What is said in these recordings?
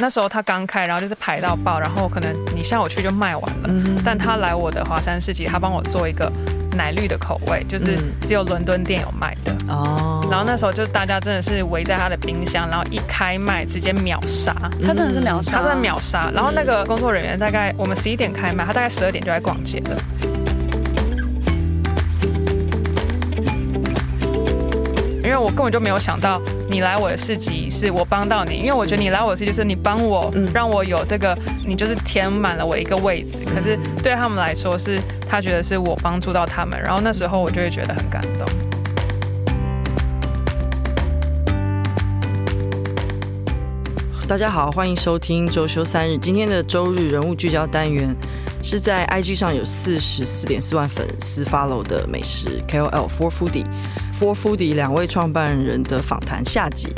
那時候他剛開，然後就是排到爆，然後可能你下午去就賣完了。嗯、但他來我的華山市集，他幫我做一個奶綠的口味，就是只有倫敦店有賣的。哦、嗯。然後那時候就大家真的是圍在他的冰箱，然後一開賣直接秒殺、嗯。他真的是秒殺、啊。他真的秒殺。然後那個工作人員大概我們十一點開賣，他大概十二點就來逛街了。因為我根本就沒有想到。你來我的市集是我幫到你，因為我覺得你來我市集就是你幫我、嗯，讓我有這個，你就是填滿了我一個位置。可是對他們來說是，他覺得是我幫助到他們，然後那時候我就會覺得很感動。嗯嗯、大家好，歡迎收聽周休三日，今天的周日人物聚焦單元，是在 IG 上有四十四點四萬粉絲 follow 的美食 KOL 4 foodie。4foodie 兩位創辦人的訪談下集。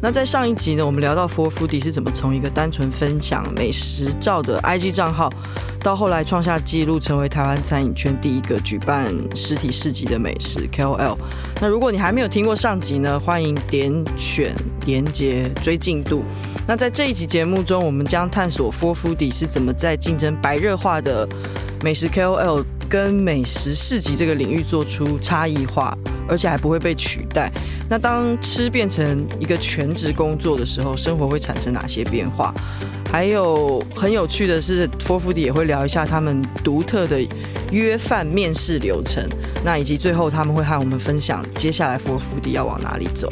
那在上一集呢，我們聊到 4foodie 是怎麼從一個單純分享美食照的 IG 賬號，到後來創下紀錄，成為台灣餐飲圈第一個舉辦實體市集的美食 KOL。那如果你還沒有聽過上集呢，歡迎點選連接、追進度。那在這一集節目中，我們將探索 4foodie 是怎麼在競爭白熱化的美食 KOL。跟美食市集這個領域做出差異化，而且還不會被取代。那當吃變成一個全職工作的時候，生活會產生哪些變化？還有很有趣的是，4foodie 也會聊一下他們獨特的約飯面試流程。那以及最後他們會和我們分享接下來 4foodie 要往哪裡走。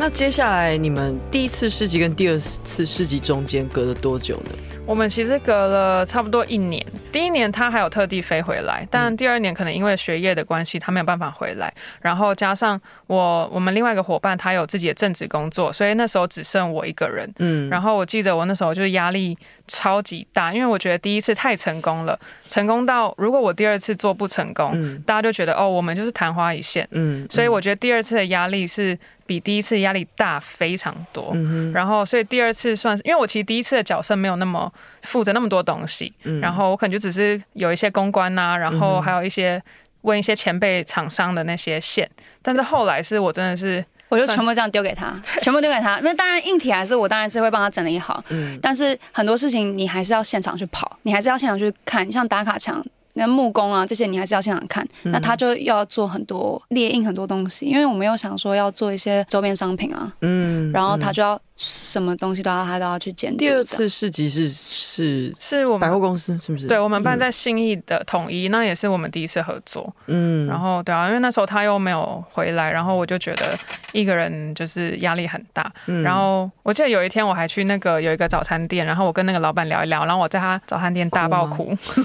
那接下來你們第一次市集跟第二次市集中間隔了多久呢？我們其實隔了差不多一年。第一年他還有特地飛回來，但第二年可能因為學業的關係、嗯，他沒有辦法回來。然後加上我我們另外一個夥伴，他有自己的正職工作，所以那時候只剩我一個人。嗯，然後我記得我那時候就是壓力超級大，因為我覺得第一次太成功了，成功到如果我第二次做不成功，嗯、大家就覺得哦，我們就是曇花一現嗯。嗯，所以我覺得第二次的壓力是比第一次壓力大非常多、嗯哼。然後所以第二次算是，因為我其實第一次的角色沒有那麼。負責那麼多東西，然後我可能就只是有一些公關啊，嗯、然後還有一些問一些前輩廠商的那些線。嗯、但是後來是，我真的是，我就全部這樣丟給他， 全部丟給他。那當然硬體還是我，當然是會幫他整理好。嗯。但是很多事情你還是要現場去跑，你還是要現場去看。像打卡牆、那木工啊這些，你還是要現場看。嗯、那他就要做很多列印很多東西，因為我們又想說要做一些周邊商品啊。嗯。然後他就要。什麼東西都要他,他都要去監督。第二次市集是是是我們百貨公司是不是？對我們辦在信義的統一、嗯，那也是我們第一次合作。嗯，然後對啊，因為那時候他又沒有回來，然後我就覺得一個人就是壓力很大、嗯。然後我記得有一天我還去那個有一個早餐店，然後我跟那個老板聊一聊，然後我在他早餐店大爆哭，哭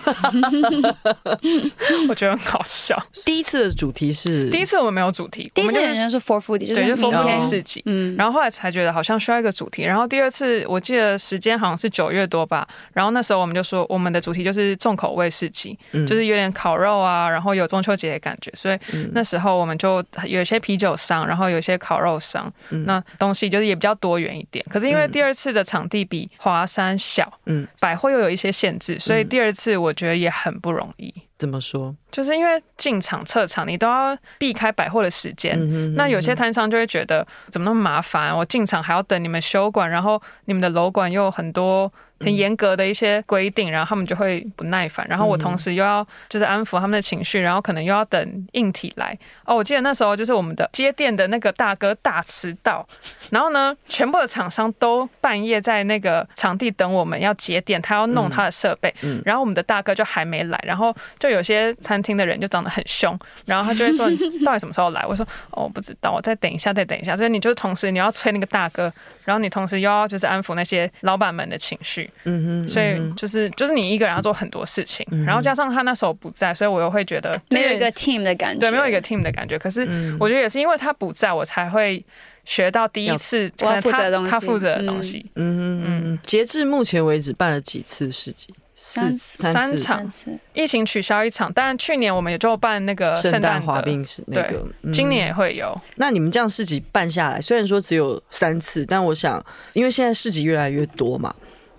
我覺得很搞笑。第一次的主題是第一次我們沒有主題，第一次人家是 4foodie 就,就是封天市集，嗯，然後後來才覺得好像需要。個主題，然後第二次我記得時間好像是九月多吧，然後那時候我們就說我們的主題就是重口味市集，嗯，就是有點烤肉啊，然後有中秋節的感覺，所以那時候我們就有一些啤酒商，然後有一些烤肉商，嗯、那東西就是也比較多元一點。可是因為第二次的場地比華山小，嗯，百貨又有一些限制，所以第二次我覺得也很不容易。怎麼說？就是因為進場撤場，你都要避開百貨的時間、嗯嗯。那有些攤商就會覺得怎麼那麼麻煩？我進場還要等你們休館，然後你們的樓管又有很多，很嚴格的一些規定，然後他們就會不耐煩，然後我同時又要就是安撫他們的情緒，然後可能又要等硬體來。哦，我記得那時候就是我們的接電的那個大哥大遲到，然後呢，全部的廠商都半夜在那個場地等我們要接電，他要弄他的設備，嗯，然後我們的大哥就還沒來，然後就有些餐廳的人就長得很凶，然後他就會說，你到底什麼時候來？我說哦，不知道，我再等一下，再等一下。所以你就是同時你要催那個大哥，然後你同時又要就是安撫那些老板們的情緒。嗯哼，所以就是，嗯、就是你一個人要做很多事情，嗯，然後加上他那時候不在，所以我又會覺得、嗯、沒有一個 team 的感覺，對，沒有一個 team 的感覺、嗯。可是我覺得也是因為他不在，我才會學到第一次他他負責的東西。嗯嗯嗯，嗯。截至目前為止，辦了幾次市集？三次、三次、三次，疫情取消一場，但去年我們也就辦那個聖誕滑冰是那個、嗯，今年也會有。那你們這樣市集辦下來，雖然說只有三次，但我想，因為現在市集越來越多嘛。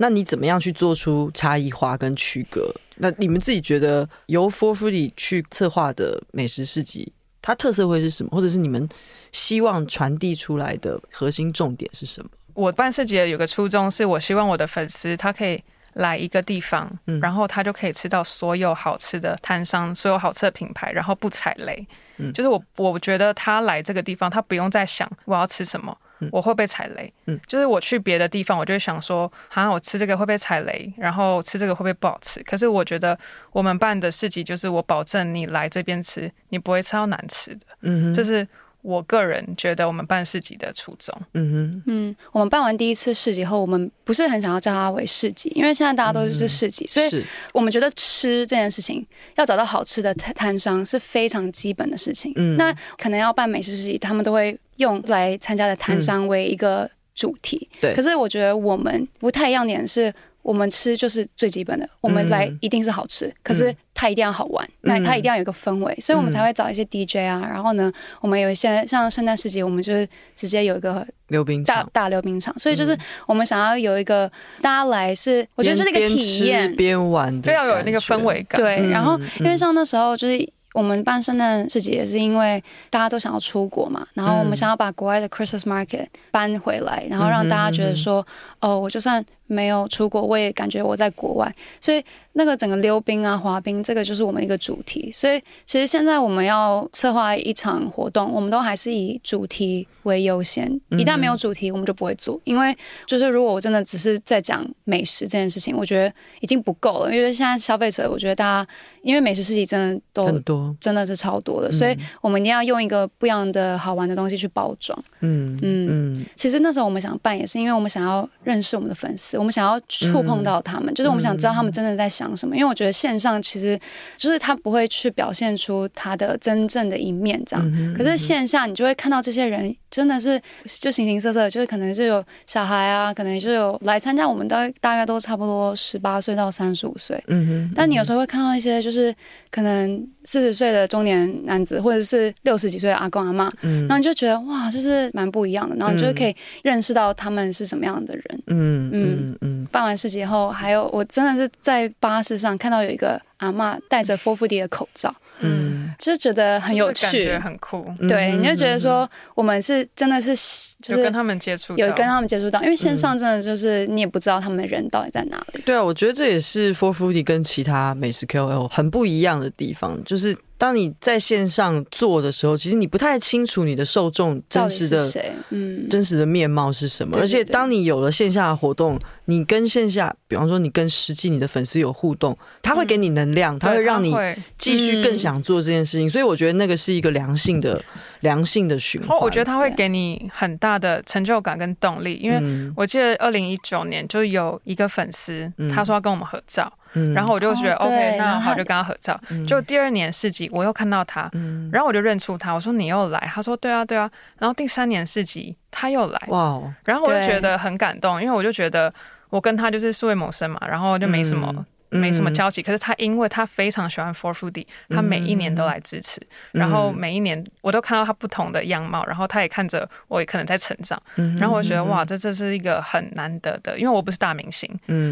那你怎麼樣去做出差異化跟區隔？那你們自己覺得由 4foodie 去策劃的美食市集，它特色會是什麼？或者是你們希望傳遞出來的核心重點是什麼？我辦市集的有個初衷，是我希望我的粉絲他可以來一個地方，嗯，然後他就可以吃到所有好吃的攤商，所有好吃的品牌，然後不踩雷。嗯，就是我我覺得他來這個地方，他不用再想我要吃什麼。我會被踩雷，嗯、就是我去別的地方，我就會想說，好像我吃這個會不會踩雷？然後吃這個會不會不好吃？可是我覺得我們辦的市集就是，我保證你來這邊吃，你不會吃到難吃的，嗯、就是。我個人覺得，我們辦市集的初衷，嗯哼，嗯，我們辦完第一次市集後，我們不是很想要叫它為市集，因為現在大家都是市集，嗯，所以我們覺得吃這件事情，要找到好吃的攤商是非常基本的事情。嗯、那可能要辦美食市集，他們都會用來參加的攤商為一個主題，嗯，對。可是我覺得我們不太一樣的點是。我們吃就是最基本的，我們來一定是好吃，嗯、可是它一定要好玩，那、嗯、它一定要有一個氛圍，嗯，所以我們才會找一些 DJ 啊。嗯、然後呢，我們有一些像聖誕市集，我們就是直接有一個大溜冰場，大，大溜冰場，嗯。所以就是我們想要有一個大家來是，我覺得就是一個體驗邊玩，因為要有那個氛圍感。對，嗯，然後因為像那時候就是我們辦聖誕市集，也是因為大家都想要出國嘛、嗯，然後我們想要把國外的 Christmas Market 搬回來，嗯、然後讓大家覺得說，嗯、哦，我就算，沒有出國，我也感覺我在國外，所以那個整個溜冰啊、滑冰，這個就是我們一個主題。所以其實現在我們要策劃一場活動，我們都還是以主題為優先。一旦沒有主題，我們就不會做，因為就是如果我真的只是在講美食這件事情，我覺得已經不夠了。因為現在消費者，我覺得大家因為美食事情真的都真的是超多的，所以我們一定要用一個不一樣的、好玩的東西去包裝。嗯嗯，其實那時候我們想辦，也是因為我們想要認識我們的粉絲。我們想要觸碰到他們，嗯，就是我們想知道他們真的在想什麼，嗯嗯嗯。因為我覺得線上其實就是他不會去表現出他的真正的一面，這樣，嗯嗯嗯。可是線下你就會看到這些人，真的是就形形色色的，就是可能是有小孩啊，可能就有來參加，我們大大概都差不多十八歲到三十五歲。嗯，嗯但你有時候會看到一些就是可能四十歲的中年男子，或者是六十幾歲的阿公阿嬤，嗯，然後你就覺得哇，就是蠻不一樣的。然後你就可以認識到他們是什麼樣的人。嗯嗯，嗯，嗯辦完市集後，還有我真的是在巴士上看到有一個阿嬤戴着 4foodie 的口罩。嗯，就是覺得很有趣，就是、感覺很酷，嗯。對，你就覺得說，我們是真的是，就是跟他們接觸，有跟他們接觸到，到，因為線上真的就是你也不知道他們的人到底在哪裡，嗯。對啊，我覺得這也是 4foodie 跟其他美食 KOL 很不一樣的地方，就是。當你在線上做的時候，其實你不太清楚你的受眾真實的、嗯、真實的面貌是什麼。對對對，而且，當你有了線下的活動，你跟線下，比方說你跟實際你的粉絲有互動，他會給你能量，嗯、他會讓你繼續更想做這件事情。嗯、所以，我覺得那個是一個良性的、嗯、良性的循環。我覺得他會給你很大的成就感跟動力，因為我記得二零一九年就有一個粉絲、嗯、他說要跟我們合照。 然後我就覺得、哦、OK，那好，就跟他合照。就、嗯、第二年市集，我又看到他、嗯，然後我就認出他，我說你又來，他說對啊對啊。然後第三年市集他又來，哇、哦！然後我就覺得很感動，因為我就覺得我跟他就是素未謀生嘛，然後就沒什麼。嗯沒什麼交集，可是他因為他非常喜歡 4foodie 他每一年都來支持，然後每一年我都看到他不同的樣貌，然後他也看着我也可能在成長，然後我就覺得哇，這這是一個很難得的，因為我不是大明星，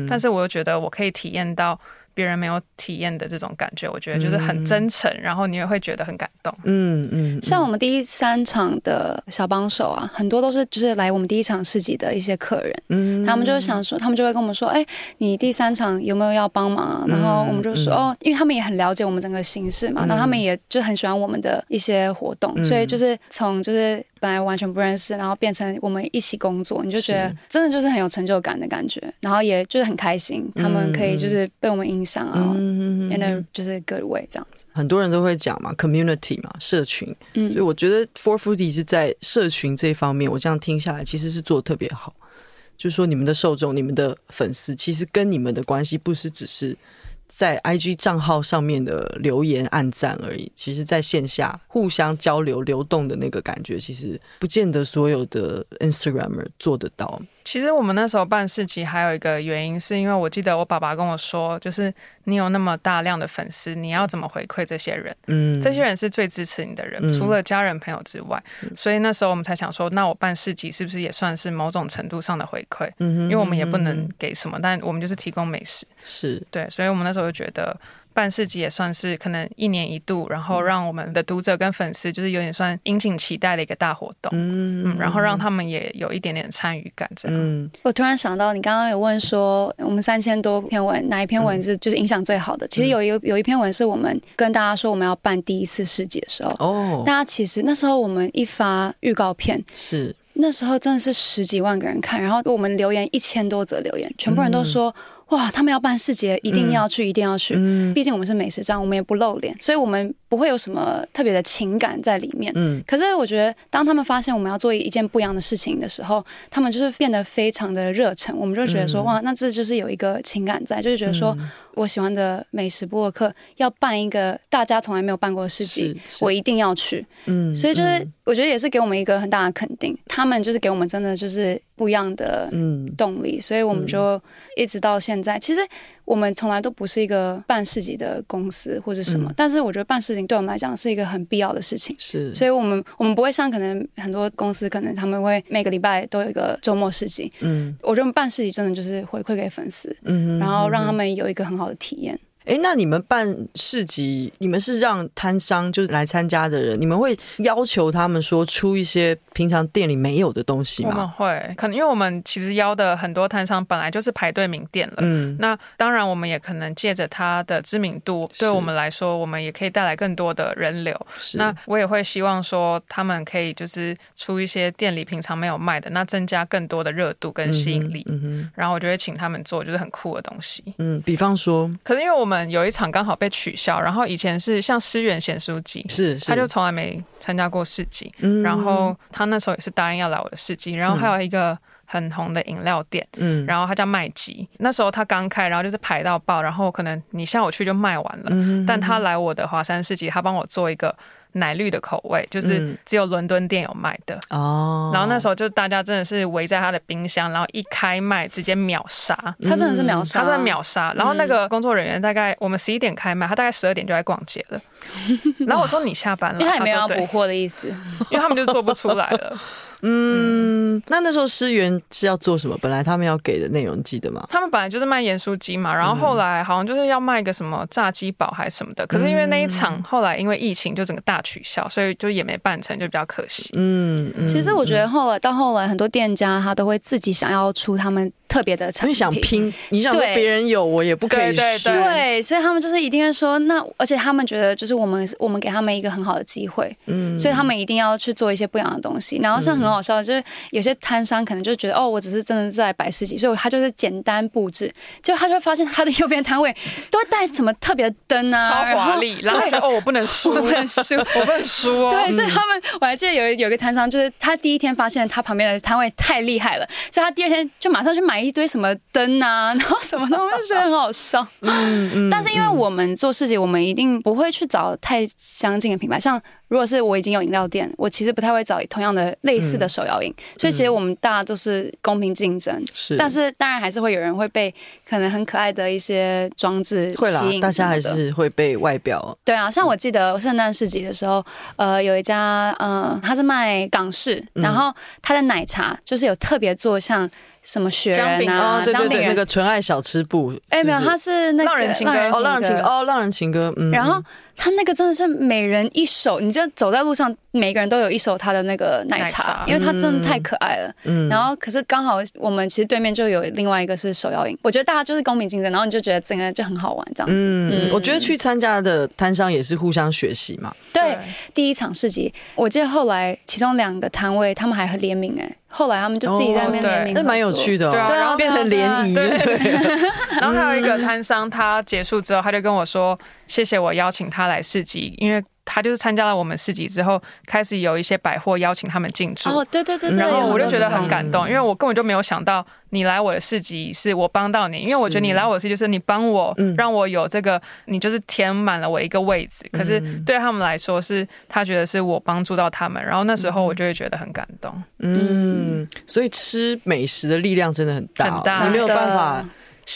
但是我又覺得我可以體驗到。別人沒有體驗的這種感覺，我覺得就是很真誠，嗯、然後你也會覺得很感動。嗯嗯，像我們第三場的小幫手啊，很多都是就是來我們第一場市集的一些客人，嗯、他們就想說，他們就會跟我們說，哎，你第三場有沒有要幫忙？嗯、然後我們就說、嗯，哦，因為他們也很了解我們整個形式嘛，那、嗯、他們也就很喜歡我們的一些活動，所以就是從就是。本來完全不認識，然後變成我們一起工作，你就覺得真的就是很有成就感的感覺，然後也就是很開心、嗯，他們可以就是被我們影響啊，and then,、嗯、就是 good way 這樣子。很多人都會講嘛，community 嘛，社群。嗯、所以我覺得 4foodie 是在社群這一方面，我這樣聽下來其實是做的特別好。就是說，你們的受眾、你們的粉絲，其實跟你們的關係不是只是。在 IG 賬號上面的留言、按讚而已，其實在線下互相交流、流動的那個感覺，其實不見得所有的 Instagramer 做得到。其實我們那時候辦市集還有一個原因，是因為我記得我爸爸跟我說，就是你有那麼大量的粉絲，你要怎麼回饋這些人？嗯，這些人是最支持你的人，除了家人朋友之外。嗯，所以那時候我們才想說，那我辦市集是不是也算是某種程度上的回饋？嗯，因為我們也不能給什麼，嗯，但我們就是提供美食。是，對，所以我們那時候就覺得。辦市集也算是可能一年一度，然後讓我們的讀者跟粉絲就是有點算殷切期待的一個大活動，嗯，嗯，然後讓他們也有一點點參與感。這樣、嗯，我突然想到，你剛剛有問說我們三千多篇文哪一篇文是就是影響最好的，嗯、其實有一有一篇文是我們跟大家說我們要辦第一次市集的時候，哦，大家其實那時候我們一發預告片是那時候真的是十幾萬個人看，然後我們留言一千多則留言，全部人都說。嗯哇，他們要辦市集，一定要去，嗯、一定要去。畢竟我們是美食站，我們也不露臉，所以我們。不會有什麼特別的情感在裡面，嗯，可是我覺得，當他們發現我們要做一件不一樣的事情的時候，他們就是變得非常的熱忱。我們就覺得說，嗯、哇，那這就是有一個情感在，就是覺得說，嗯、我喜歡的美食部落客要辦一個大家從來沒有辦過的事情，我一定要去，嗯，所以就是我覺得也是給我們一個很大的肯定，嗯、他們就是給我們真的就是不一樣的動力，嗯、所以我們就一直到現在，嗯、其實。我們從來都不是一個辦市集的公司或者什麼，嗯，但是我覺得辦市集對我們來講是一個很必要的事情。是，所以我們我們不會像可能很多公司，可能他們會每個禮拜都有一個週末市集。嗯，我覺得辦市集真的就是回饋給粉絲，嗯，嗯，嗯，嗯，嗯，然後讓他們有一個很好的體驗。哎，那你們辦市集，你們是讓攤商就是來參加的人，你們會要求他們說出一些平常店裡沒有的東西嗎？我們會，可能因為我們其實邀的很多攤商本來就是排隊名店了。嗯，那當然，我們也可能借着他的知名度，對我們來說，我們也可以帶來更多的人流。是，那我也會希望說，他們可以就是出一些店裡平常沒有賣的，那增加更多的熱度跟吸引力。嗯哼。嗯哼，然後我就會請他們做，就是很酷的東西。嗯，比方說，可是因為我們。有一場剛好被取消，然後以前是像師園鹽酥雞，是,是他就從來沒參加過市集，嗯、然後他那時候也是答應要來我的市集，然後還有一個很紅的飲料店，嗯，然後他叫麥吉，嗯、那時候他剛開，然後就是排到爆，然後可能你下午去就賣完了，嗯嗯，但他來我的華山市集，他幫我做一個。奶綠的口味，就是只有倫敦店有賣的、嗯、然後那時候就大家真的是圍在他的冰箱，然後一開賣直接秒殺、嗯。他真的是秒殺，他是秒殺、嗯。然後那個工作人員大概我們十一點開賣，他大概十二點就在逛街了、嗯。然後我說你下班了，他，因為他也沒有要補貨的意思，因為他們就做不出來了。 嗯，那那時候師園是要做什麼？本來他們要給的內容記得嗎？他們本來就是賣鹽酥雞嘛，然後後來好像就是要賣個什麼炸雞堡還是什麼的。可是因為那一場、嗯、後來因為疫情就整個大取消，所以就也沒辦成，就比較可惜。嗯，嗯嗯其實我覺得後來到後來很多店家他都會自己想要出他們。特別的產品，你想拼，你讓別人有我也不可以輸，對，對，對，對，對，所以他們就是一定會說，那而且他們覺得就是我們我們給他們一個很好的機會，嗯，所以他們一定要去做一些不一樣的東西。然後像很好笑的，就是有些攤商可能就覺得、嗯、哦，我只是真的在擺市集，所以他就是簡單布置，就他就會發現他的右邊攤位都帶什麼特別的燈啊，超華麗，然後，然後哦，我不能輸，不能輸，我不能輸 哦對。所以他們我還記得有有一個攤商，就是他第一天發現他旁邊的攤位太厲害了，所以他第二天就馬上去買。一堆什麼燈啊，然後什麼東西，覺得很好笑、， 嗯嗯。但是因為我們做事情、嗯，我們一定不會去找太相近的品牌，像。如果是我已經有飲料店，我其實不太會找同樣的、類似的手搖飲、嗯，所以其實我們大家都是公平競爭。是，但是當然還是會有人會被可能很可愛的一些裝置吸引，大家還是會被外表。對啊，像我記得聖誕市集的時候、嗯，呃，有一家呃，他是賣港式、嗯，然後他的奶茶就是有特別做像什麼雪人啊，薑餅人哦、對對對，那個純愛小吃部，哎、欸、沒有，他是那個浪人情歌哦，浪人情歌，浪人情歌哦，浪人情歌，嗯，然後。他那個真的是每人一手，你就走在路上，每個人都有一手他的那個奶茶，奶茶，因為他真的太可愛了。嗯，然後可是剛好我們其實對面就有另外一個是手搖飲，我覺得大家就是公平競爭，然後你就覺得整個就很好玩這樣子。嗯，嗯，我覺得去參加的攤商也是互相學習嘛對。對，第一場市集，我記得後來其中兩個攤位他們還很聯名哎。後來他們就自己在那邊聯名，那蠻有趣的。哦。對啊，然後變成聯誼。對對對 然後還有一個攤商， 他結束之後，他就跟我說：“嗯、謝謝我邀請他來市集，因為……”他就是參加了我們市集之後，開始有一些百貨邀請他們進場。哦，對對對對。然後我就覺得很感動、嗯嗯，因為我根本就沒有想到你來我的市集是我幫到你，因為我覺得你來我的市集就是你幫我，讓我有這個，嗯、你就是填滿了我一個位置、嗯。可是對他們來說是，是他覺得是我幫助到他們。然後那時候我就會覺得很感動。嗯，嗯嗯，所以吃美食的力量真的很大、哦、真的，你沒有辦法。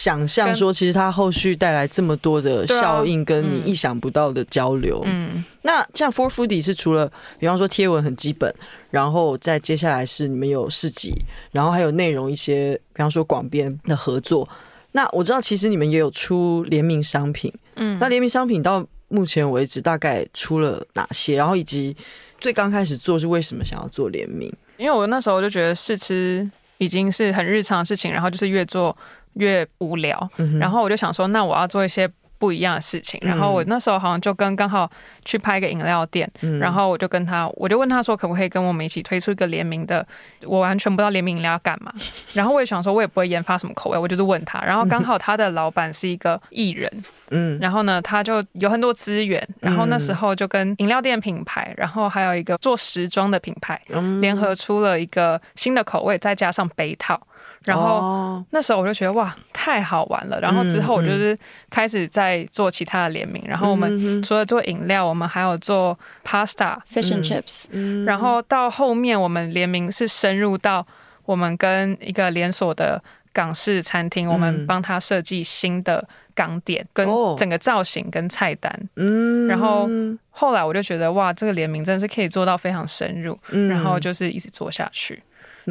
想象說，其實它後續帶來這麼多的效應，跟你意想不到的交流。啊、嗯，那像 4foodie 是除了比方說貼文很基本，然後再接下來是你們有市集，然後還有內容一些，比方說廣編的合作。那我知道，其實你們也有出聯名商品。嗯，那聯名商品到目前為止大概出了哪些？然後以及最剛開始做是為什麼想要做聯名？因為我那時候就覺得試吃已經是很日常的事情，然後就是越做越無聊，然後我就想說，那我要做一些不一樣的事情。然後我那時候好像就跟剛好去拍一個飲料店，嗯，然後我就跟他，我就問他說，可不可以跟我們一起推出一個聯名的？我完全不知道聯名飲料要幹嘛。 然後我也想說，我也不會研發什麼口味，我就是問他。然後剛好他的老闆是一個藝人，嗯，然後呢，他就有很多資源。然後那時候就跟飲料店品牌，然後還有一個做時裝的品牌聯合出了一個新的口味，再加上杯套。然後那時候我就覺得哇，太好玩了。然後之後我就是開始在做其他的聯名。嗯、然後我們除了做飲料，嗯、我們還有做 pasta、fish and chips、嗯。然後到後面我們聯名是深入到我們跟一個連鎖的港式餐廳，嗯、我們幫他設計新的港點、嗯、跟整個造型跟菜單。嗯，然後後來我就覺得哇，這個聯名真的是可以做到非常深入，嗯、然後就是一直做下去。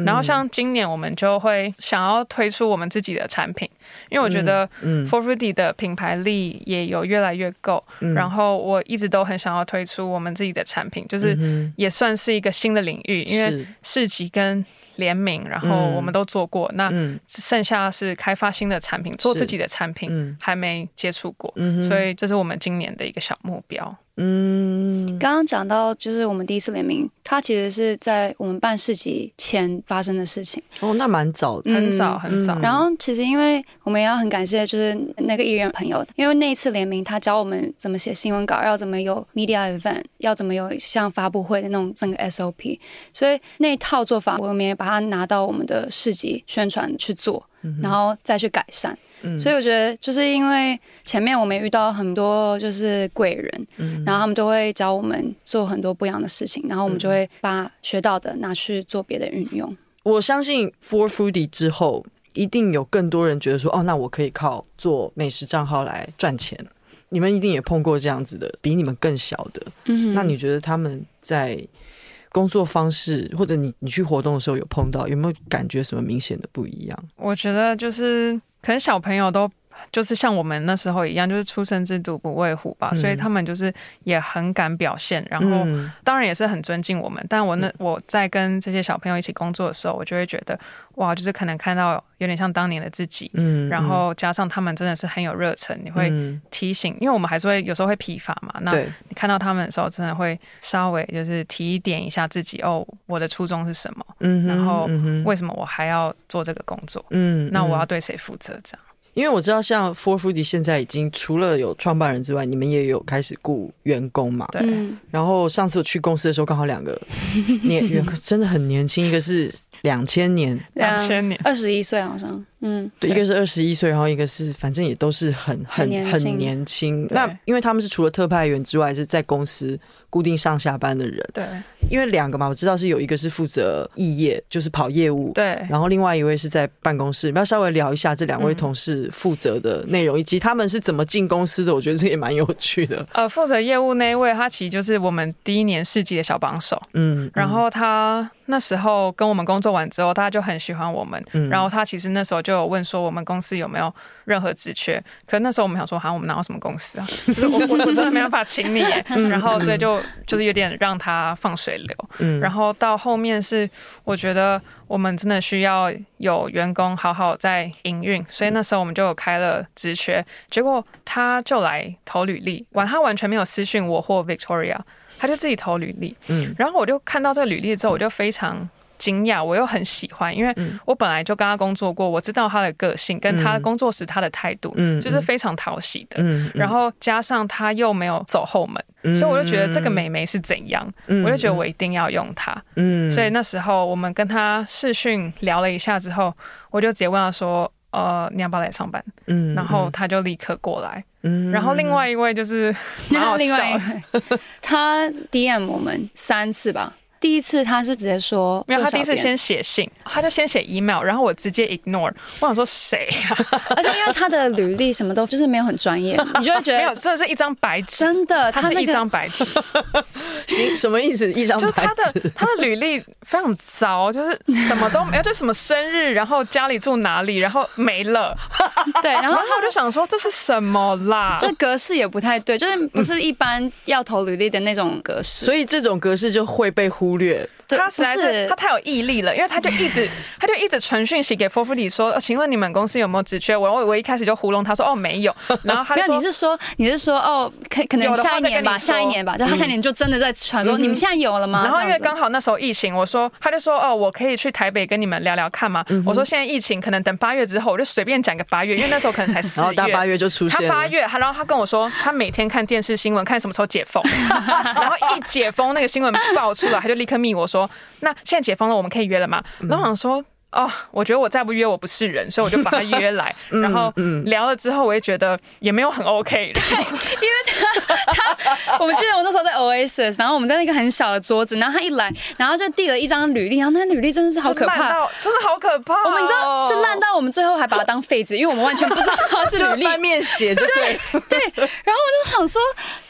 然後像今年我們就會想要推出我們自己的產品，因為我覺得，4foodie 的品牌力也有越來越夠、嗯嗯，然後我一直都很想要推出我們自己的產品，就是也算是一個新的領域，因為市集跟聯名，然後我們都做過，那剩下是開發新的產品，做自己的產品還沒接觸過，所以這是我們今年的一個小目標。嗯，剛剛講到就是我們第一次聯名，它其實是在我們辦市集前發生的事情。哦，那蠻早的。嗯，很早很早。然後其實因為我們也要很感謝就是那個藝人朋友，因為那一次聯名，他教我們怎麼寫新聞稿，要怎麼有 media event，要怎麼有像發布會的那種整個 SOP，所以那一套做法我們也把它拿到我們的市集宣傳去做，然後再去改善。嗯嗯、所以我覺得，就是因為前面我們也遇到很多就是貴人、嗯，然後他們就會找我們做很多不一樣的事情，然後我們就會把學到的拿去做別的運用。我相信 4foodie 之後，一定有更多人覺得說：“哦，那我可以靠做美食賬號來賺錢。”你們一定也碰過這樣子的，比你們更小的。嗯，那你覺得他們在工作方式，或者你你去活動的時候有碰到，有沒有感覺什麼明顯的不一樣？我覺得就是。可能小朋友都。就是像我們那時候一樣，就是初生之犢不畏虎吧，嗯，所以他們就是也很敢表現，然後當然也是很尊敬我們。嗯、但我那我在跟這些小朋友一起工作的時候，我就會覺得哇，就是可能看到有點像當年的自己，嗯、然後加上他們真的是很有熱忱、嗯，你會提醒，因為我們還是會有時候會疲乏嘛，那你看到他們的時候，真的會稍微就是提點一下自己哦，我的初衷是什麼，嗯、然後、嗯、為什麼我還要做這個工作，嗯，那我要對誰負責這樣。因為我知道，像 4foodie 現在已經除了有創辦人之外，你們也有開始僱員工嘛。對。然後上次我去公司的時候，剛好兩個年 真的很年輕，一個是兩,兩千年，兩千年二十一歲好像。嗯對，對，一個是二十一歲，然後一個是反正也都是很很很年輕。那因為他們是除了特派員之外，是在公司固定上下班的人。對，因為兩個嘛，我知道是有一個是負責異業，就是跑業務。對，然後另外一位是在辦公室。你要稍微聊一下這兩位同事負責的內容、嗯，以及他們是怎麼進公司的？我覺得這也蠻有趣的。呃，負責業務那一位他其實就是我們第一年市集的小幫手。嗯，然後他。嗯那時候跟我們工作完之後，大家就很喜歡我們，嗯。然後他其實那時候就有問說，我們公司有沒有任何職缺？可那時候我們想說，好，啊，我們哪有什麼公司啊？ 就是我，我真的沒辦法請你。 然後所以就就是有點讓他放水流，嗯。然後到後面是我覺得我們真的需要有員工好好在營運，所以那時候我們就有開了職缺，結果他就來投履歷，完他完全沒有私訊我或 Victoria。他就自己投履歷，嗯，然後我就看到這個履歷之後，我就非常驚訝，我又很喜歡，因為我本來就跟他工作過，我知道他的個性，跟他工作時他的態度，嗯，就是非常討喜的，嗯，然後加上他又沒有走後門，所以我就覺得這個美眉是怎樣，嗯，我就覺得我一定要用他，嗯，所以那時候我們跟他視訊聊了一下之後，我就直接問他說，呃，你要不要來上班？嗯，然後他就立刻過來。嗯，然後另外一位就是，然後另外一位，他 DM 我們三次吧。第一次他是直接說沒有，他第一次先寫信，他就先寫 email，然後我直接 ignore，我想說誰、啊？而且因為他的履歷什麼都就是沒有很專業， 你就會覺得沒有，這是一張白紙，真的，他、那個、他是一張白紙。 行，什麼意思？一張白紙？就他的他的履歷非常糟，就是什麼都沒有， 就什麼生日，然後家裡住哪裡，然後沒了。 對，然後他然後我就想說這是什麼啦？就格式也不太對，就是不是一般要投履歷的那種格式，嗯、所以這種格式就會被忽。忽略。他實在是他太有毅力了，因為他就一直 他就一直傳訊息給 4foodie 說、哦：“請問你們公司有沒有職缺我？”我我一開始就糊弄他說：“哦，沒有。”然後他就說 沒有，你是說你是說哦可，可能，下一年吧，下一年吧，就、嗯、他下一年就真的在傳說、嗯、你們現在有了嗎？然後因為剛好那時候疫情，我說他就說：“哦，我可以去台北跟你們聊聊看嗎？”嗯、我說：“現在疫情可能等八月之後，我就隨便講個八月，因為那時候可能才四月。 ”然後八月就出現了他八月，然後他跟我說他每天看電視新聞看什麼時候解封， 然後一解封那個新聞爆出來，他就立刻密我說。說，那現在解封了，我們可以約了嗎？嗯、那我想說。哦、oh，我覺得我再不約我不是人，所以我就把他約來， 嗯、然後聊了之後，我也覺得也沒有很 OK。 對，因為他他，我們記得我們那時候在 Oasis，然後我們在那個很小的桌子，然後他一來，然後就遞了一張履歷，然後那個履歷真的是好可怕，就是、真的好可怕、哦。我們你知道是爛到我們最後還把它當廢紙，因為我們完全不知道他是履歷。 對對，對。然後我就想說，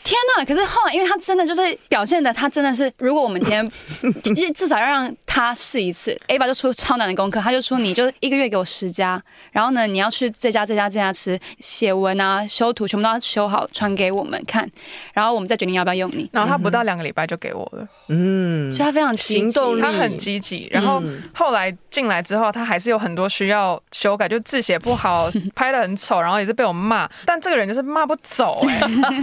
天哪！可是後來，因為他真的就是表現的，他真的是，如果我們今天 至，至少要讓他試一次 a 吧，Ava、就出超難的工。可他就說：“你就一個月給我十家，然後呢，你要去這家、這家、這家吃，寫文啊，修圖，全部都要修好，傳給我們看，然後我們再決定要不要用你。”然後他不到兩個禮拜就給我了，嗯，所以他非常行動，他很積極。然後後來進來之後，他還是有很多需要修改，嗯、就字寫不好，拍得很醜，然後也是被我罵。 但這個人就是罵不走、欸，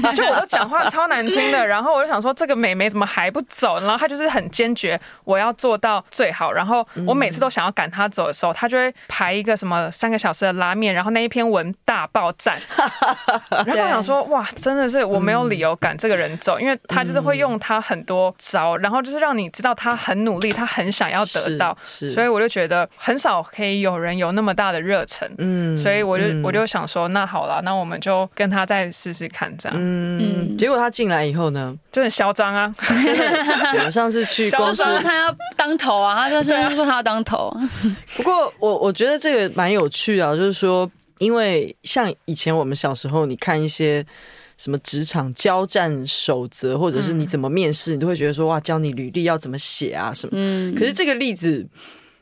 哎， 就我都講話超難聽的。然後我就想說，這個美眉怎麼還不走？然後他就是很堅決，我要做到最好。然後我每次都想要趕。他走的時候，他就會排一個什麼三個小時的拉麵，然後那一篇文大爆讚， 然後我想說哇，真的是我沒有理由趕這個人走，嗯、因為他就是會用他很多招、嗯，然後就是讓你知道他很努力，他很想要得到，所以我就覺得很少可以有人有那麼大的熱忱，嗯，所以我就我就想說、嗯、那好了，那我們就跟他再試試看這樣，嗯，嗯，結果他進來以後呢，就很囂張啊， 就好像是去就說他要當頭啊， 他就是、就說他要當頭。 不過我我覺得這個蠻有趣的啊，就是說，因為像以前我們小時候，你看一些什麼職場交戰守則，或者是你怎麼面試，嗯、你都會覺得說哇，教你履歷要怎麼寫啊什麼、嗯。可是這個例子，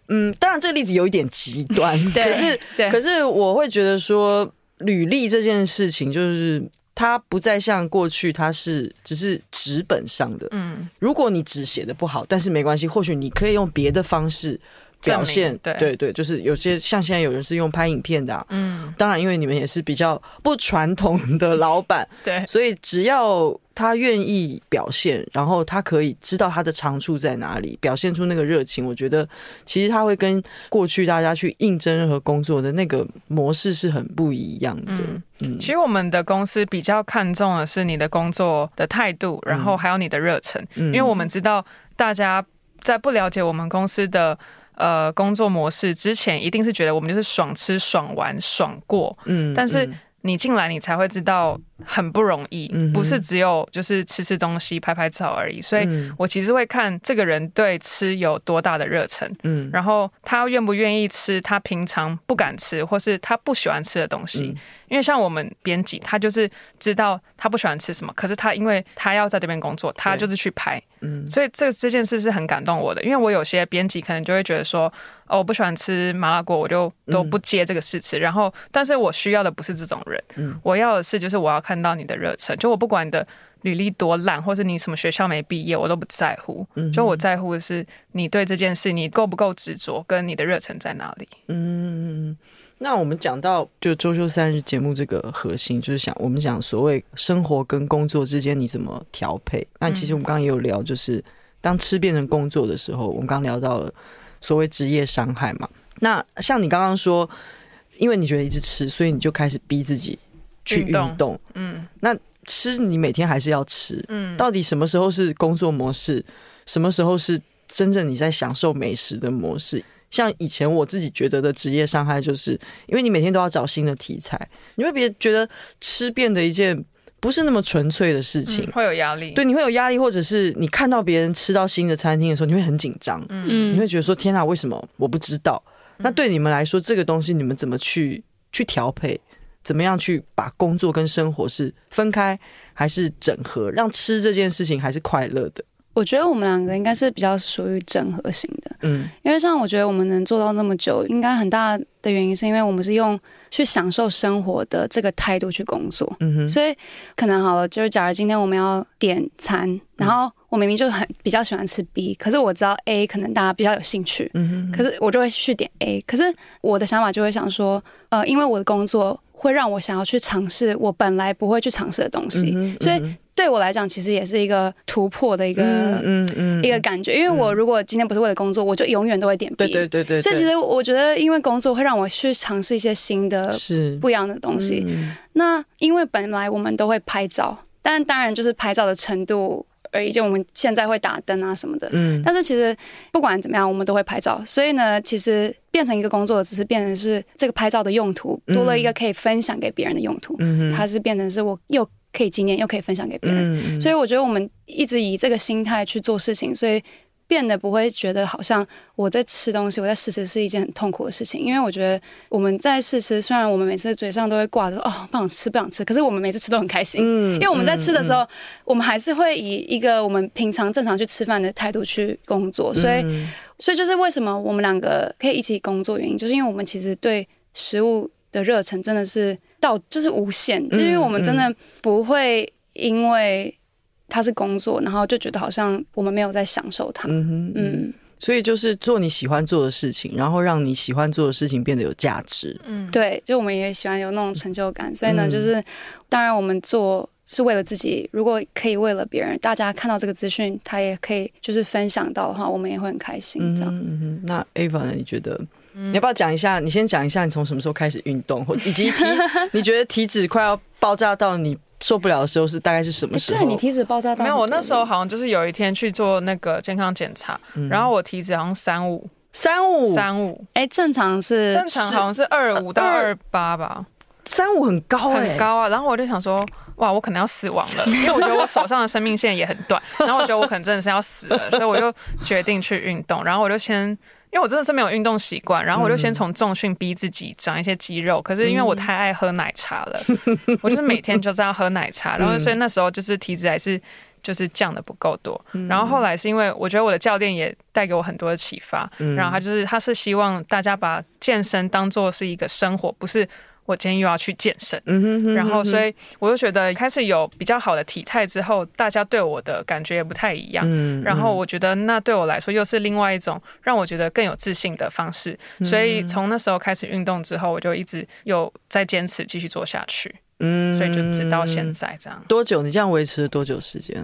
嗯，當然這個例子有一點極端， 對。可是，可是我會覺得說，履歷這件事情，就是它不再像過去，它是只是紙本上的。嗯。如果你只寫的不好，但是沒關係，或許你可以用別的方式。表現。對對對，就是有些像現在有人是用拍影片的啊，嗯，當然因為你們也是比較不傳統的老板，對，所以只要他願意表現，然後他可以知道他的長處在哪裡，表現出那個熱情，我覺得其實他會跟過去大家去應徵任何工作的那個模式是很不一樣的。嗯，嗯，其實我們的公司比較看重的是你的工作的態度，然後還有你的熱忱，因為我們知道大家在不了解我們公司的。呃，工作模式之前一定是覺得我們就是爽吃、爽玩、爽過，嗯，嗯，但是你進來你才會知道。很不容易，不是只有就是吃吃東西、拍拍照而已。所以我其實會看這個人對吃有多大的熱忱，嗯，然後他願不願意吃他平常不敢吃或是他不喜歡吃的東西。因為像我們編輯，他就是知道他不喜歡吃什麼，可是他因為他要在這邊工作，他就是去拍，嗯，所以這這件事是很感動我的。因為我有些編輯可能就會覺得說，哦，我不喜歡吃麻辣鍋，我就都不接這個試吃。然後，但是我需要的不是這種人，嗯，我要的是就是我要。看到你的熱忱，就我不管你的履歷多爛，或是你什麼學校沒畢業，我都不在乎。就我在乎的是你對這件事你夠不夠執着，跟你的熱忱在哪裡。嗯，那我們講到就周休三日節目這個核心，就是想我們講所謂生活跟工作之間你怎麼調配，嗯。那其實我們剛剛也有聊，就是當吃變成工作的時候，我們剛聊到了所謂職業傷害嘛。那像你剛剛說，因為你覺得一直吃，所以你就開始逼自己。去運動，動，嗯，那吃你每天還是要吃，嗯，到底什麼時候是工作模式，什麼時候是真正你在享受美食的模式？像以前我自己覺得的職業傷害，就是因為你每天都要找新的題材，你會別覺得吃變得一件不是那麼純粹的事情，嗯、會有壓力，對，你會有壓力，或者是你看到別人吃到新的餐廳的時候，你會很緊張，嗯，你會覺得說天哪、啊，為什麼我不知道、嗯？那對你們來說，這個東西你們怎麼去去調配？怎麼樣去把工作跟生活是分開還是整合，讓吃這件事情還是快樂的？我覺得我們兩個應該是比較屬於整合型的，嗯，因為像我覺得我們能做到那麼久，應該很大的原因是因為我們是用去享受生活的這個態度去工作，嗯哼，所以可能好了，就是假如今天我們要點餐，然後我明明就很比較喜歡吃 B，嗯，可是我知道 A 可能大家比較有興趣，嗯哼哼，可是我就會去點 A，可是我的想法就會想說，呃，因為我的工作。會讓我想要去嘗試我本來不會去嘗試的東西、嗯嗯，所以對我來講，其實也是一個突破的一個、嗯嗯嗯、一個感覺。因為我如果今天不是為了工作，嗯、我就永遠都會點對，對對對對。所以其實我覺得，因為工作會讓我去嘗試一些新的、不一樣的東西。那因為本來我們都會拍照，但當然就是拍照的程度。而已，就我們現在會打燈啊什麼的，嗯，但是其實不管怎麼樣，我們都會拍照，所以呢，其實變成一個工作，只是變成是這個拍照的用途多了一個可以分享給別人的用途，嗯，它是變成是我又可以紀念，又可以分享給別人，嗯，所以我覺得我們一直以這個心態去做事情，所以。變得不會覺得好像我在吃東西，我在試吃是一件很痛苦的事情。因為我覺得我們在試吃，雖然我們每次嘴上都會掛着“哦，不想吃，不想吃”，可是我們每次吃都很開心。嗯、因為我們在吃的時候、嗯嗯，我們還是會以一個我們平常正常去吃飯的態度去工作。所以、嗯，所以就是為什麼我們兩個可以一起工作，原因就是因為我們其實對食物的熱忱真的是到就是無限、嗯嗯，就是因為我們真的不會因為。他是工作，然後就覺得好像我們沒有在享受他、嗯。嗯，所以就是做你喜歡做的事情，然後讓你喜歡做的事情變得有價值。嗯，對，就我們也喜歡有那種成就感。嗯、所以呢，就是當然我們做是為了自己，如果可以為了別人，大家看到這個資訊，他也可以就是分享到的話，我們也會很開心。這樣。嗯哼，那 Ava 呢？你覺得、嗯、你要不要講一下？你先講一下，你從什麼時候開始運動，以及體 你覺得體脂快要爆炸到你？受不了的時候是大概是什麼時候？不是你體脂爆炸，沒有，我那時候好像就是有一天去做那個健康檢查，然後我體脂好像三五三五三五，哎，正常是正常好像是二五到二八吧，三五很高很高啊。然後我就想說，哇，我可能要死亡了，因為我覺得我手上的生命線也很短，然後我覺得我可能真的是要死了，所以我就決定去運動，然後我就先。因為我真的是沒有運動習慣，然後我就先從重訓逼自己長一些肌肉，嗯。可是因為我太愛喝奶茶了，嗯、我就是每天就這樣喝奶茶，嗯，然後所以那時候就是體脂還是就是降得不夠多，嗯。然後後來是因為我覺得我的教練也帶給我很多的啟發，嗯，然後他就是他是希望大家把健身當做是一個生活，不是。我今天又要去健身，然後所以我就覺得開始有比較好的體態之後，大家對我的感覺也不太一樣。然後我覺得那對我來說又是另外一種讓我覺得更有自信的方式。嗯，所以從那時候開始運動之後，我就一直有在堅持繼續做下去。嗯，所以就直到現在這樣。多久？你這樣維持了多久時間？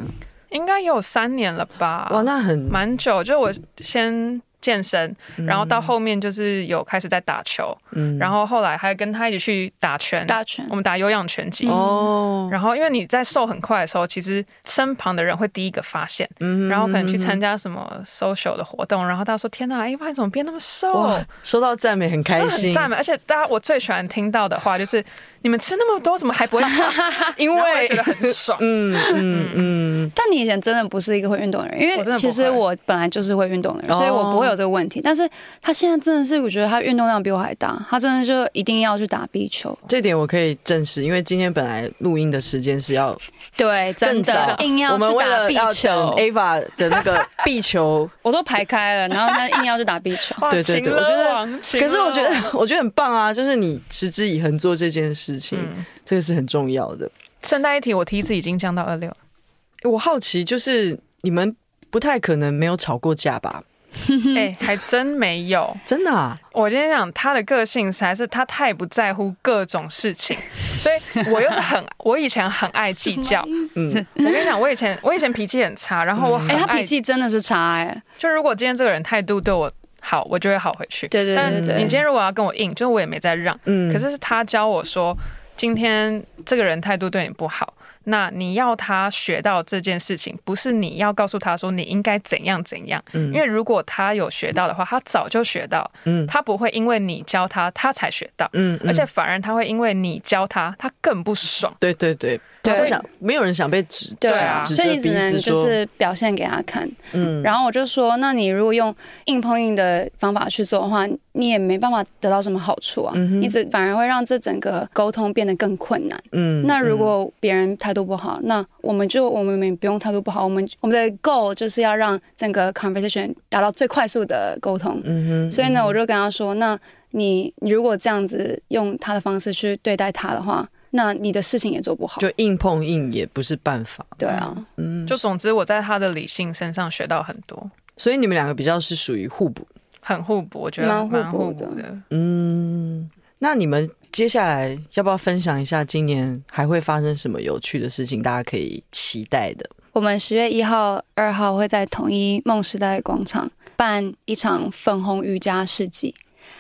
應該也有三年了吧？哇，那很蠻久。就我先。健身，然後到後面就是有開始在打球，嗯，然後後來還跟他一起去打拳，打拳，我們打有氧拳擊哦、嗯。然後因為你在瘦很快的時候，其實身旁的人會第一個發現，嗯，然後可能去參加什麼 social 的活動，然後大家說、嗯：“天哪，哎，你怎麼變那麼瘦？”說到讚美很開心，很讚美，而且大家我最喜歡聽到的話就是。你們吃那麼多，怎麼還不會胖？ 因為很爽、 嗯。嗯嗯嗯。 但你以前真的不是一個會運動的人，因為其實我本來就是會運動的人的，所以我不會有這個問題。哦、但是他現在真的是，我覺得他運動量比我還大。他真的就一定要去打壁球。這點我可以證實，因為今天本來錄音的時間是要更早。對，真的硬要去打壁球。Ava 的那個壁球 我都排開了，然後他硬要去打壁球。 對對對，我覺得，可是我覺得我覺得很棒啊，就是你持之以恆做這件事。事情，這個是很重要的。嗯、順帶一提，我體脂已經降到二六。我好奇，就是你們不太可能沒有吵過架吧？哎、欸，還真沒有， 真的、啊。我今天講他的個性，才是他太不在乎各種事情， 所以我又是很，我以前很愛計較。嗯，我跟你講，我以前我以前脾氣很差，然後我很愛、欸……他脾氣真的是差哎、欸。就如果今天這個人態度對我。好，我就會好回去。對，對對對，但你今天如果要跟我硬，就我也沒在讓。嗯，可是是他教我說，今天這個人態度對你不好，那你要他學到這件事情，不是你要告訴他說你應該怎樣怎樣。嗯，因為如果他有學到的話，他早就學到。嗯，他不會因為你教他，他才學到。嗯，嗯，而且反而他會因為你教他，他更不爽。對對對。我想沒有人想被指，對啊。所以你只能就是表現給他看。嗯，然後我就說，那你如果用硬碰硬的方法去做的話，你也沒辦法得到什麼好處啊。嗯，你只反而會讓這整個溝通變得更困難。嗯，那如果別人態度不好，那我們就我們也不用態度不好。我們我們的 goal 就是要讓整個 conversation 達到最快速的溝通。嗯哼，所以呢，我就跟他說，那你，你如果這樣子用他的方式去對待他的話。那你的事情也做不好，就硬碰硬也不是辦法。對啊，嗯，就總之我在他的理性身上學到很多，所以你們兩個比較是屬於互補，很互補，我覺得蠻互補的。嗯，那你們接下來要不要分享一下今年還會發生什麼有趣的事情，大家可以期待的？我們十月一號、二號會在統一夢時代廣場辦一場粉紅瑜伽市集。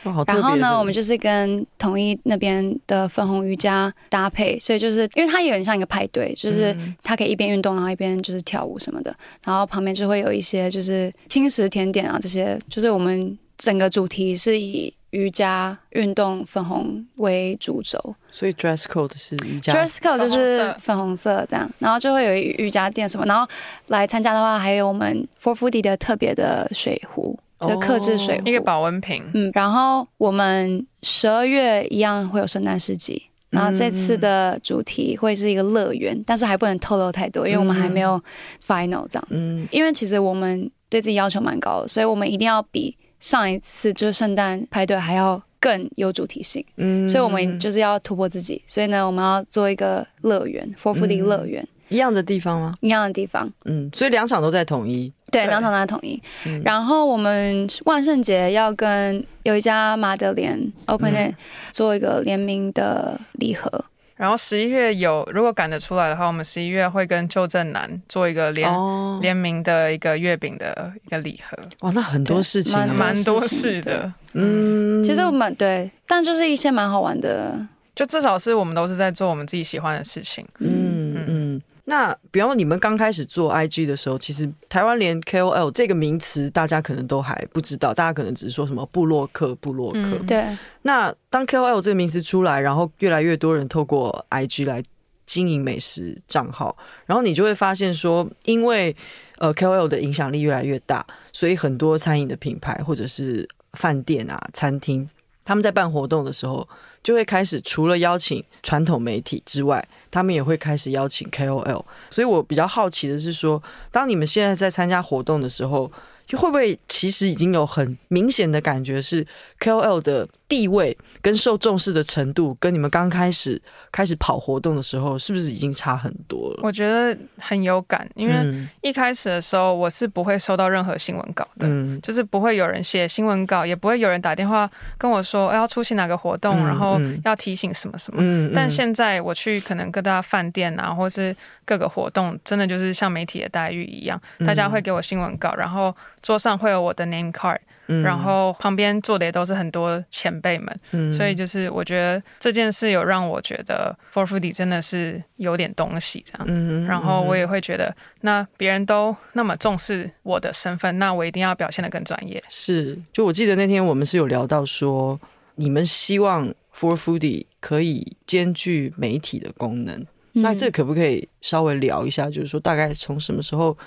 哦、然後呢，我們就是跟統一那邊的粉紅瑜伽搭配，所以就是因為它也很像一個派對，就是它可以一邊運動，然後一邊就是跳舞什麼的。然後旁邊就會有一些就是輕食甜點啊，這些就是我們整個主題是以瑜伽運動粉紅為主軸。所以 dress code 是瑜伽 dress code，就是粉紅色，這樣，然後就會有瑜伽墊什麼。然後來參加的話，還有我們 4foodie 的特別的水壺。就是客製水壺、哦，一個保溫瓶。嗯，然後我們十二月一樣會有聖誕市集，然後這次的主題會是一個樂園、嗯，但是還不能透露太多，因為我們還沒有 final 這樣子。嗯、因為其實我們對自己要求蠻高的，所以我們一定要比上一次就是聖誕派對還要更有主題性。嗯，所以我們就是要突破自己，所以呢，我們要做一個樂園，4foodie 樂園，一樣的地方嗎？一樣的地方。嗯，所以兩場都在統一。對，朗朗拿統一，然後我們萬聖節要跟有一家馬德蓮 open it、嗯、做一個聯名的禮盒，然後十一月有，如果趕得出來的話，我們十一月會跟舊振南做一個聯、哦、聯名的一個月餅的一個禮盒。哇、哦哦，那很多事情、啊蠻多事情嗯，蠻多事的。嗯，其實我們對，但就是一些蠻好玩的，就至少是我們都是在做我們自己喜歡的事情。嗯嗯。嗯那比方說，你們剛開始做 IG 的時候，其實台灣連 KOL 這個名詞大家可能都還不知道，大家可能只是說什麼部落客、部落客。對。那當 KOL 這個名詞出來，然後越來越多人透過 IG 來經營美食賬號，然後你就會發現說，因為呃 KOL 的影響力越來越大，所以很多餐飲的品牌或者是飯店啊、餐廳。他們在辦活動的時候，就會開始除了邀請傳統媒體之外，他們也會開始邀請 KOL。所以我比較好奇的是說，說當你們現在在參加活動的時候，就會不會其實已經有很明顯的感覺是？KOL 的地位跟受重視的程度，跟你們剛開始開始跑活動的時候，是不是已經差很多了？我覺得很有感，因為一開始的時候我是不會收到任何新聞稿的，嗯、就是不會有人寫新聞稿，也不會有人打電話跟我說，哎，要出席哪個活動，然後要提醒什麼什麼、嗯嗯嗯。但現在我去可能各大飯店啊，或是各個活動，真的就是像媒體的待遇一樣，大家會給我新聞稿，然後桌上會有我的 name card，、嗯、然後旁邊坐的也都是。是很多前輩們、嗯，所以就是我覺得這件事有讓我覺得 4foodie 真的是有點東西這樣。嗯，嗯然後我也會覺得，嗯、那別人都那麼重視我的身份，那我一定要表現得更專業。是，就我記得那天我們是有聊到說，你們希望 4foodie 可以兼具媒體的功能、嗯。那這可不可以稍微聊一下？就是說，大概從什麼時候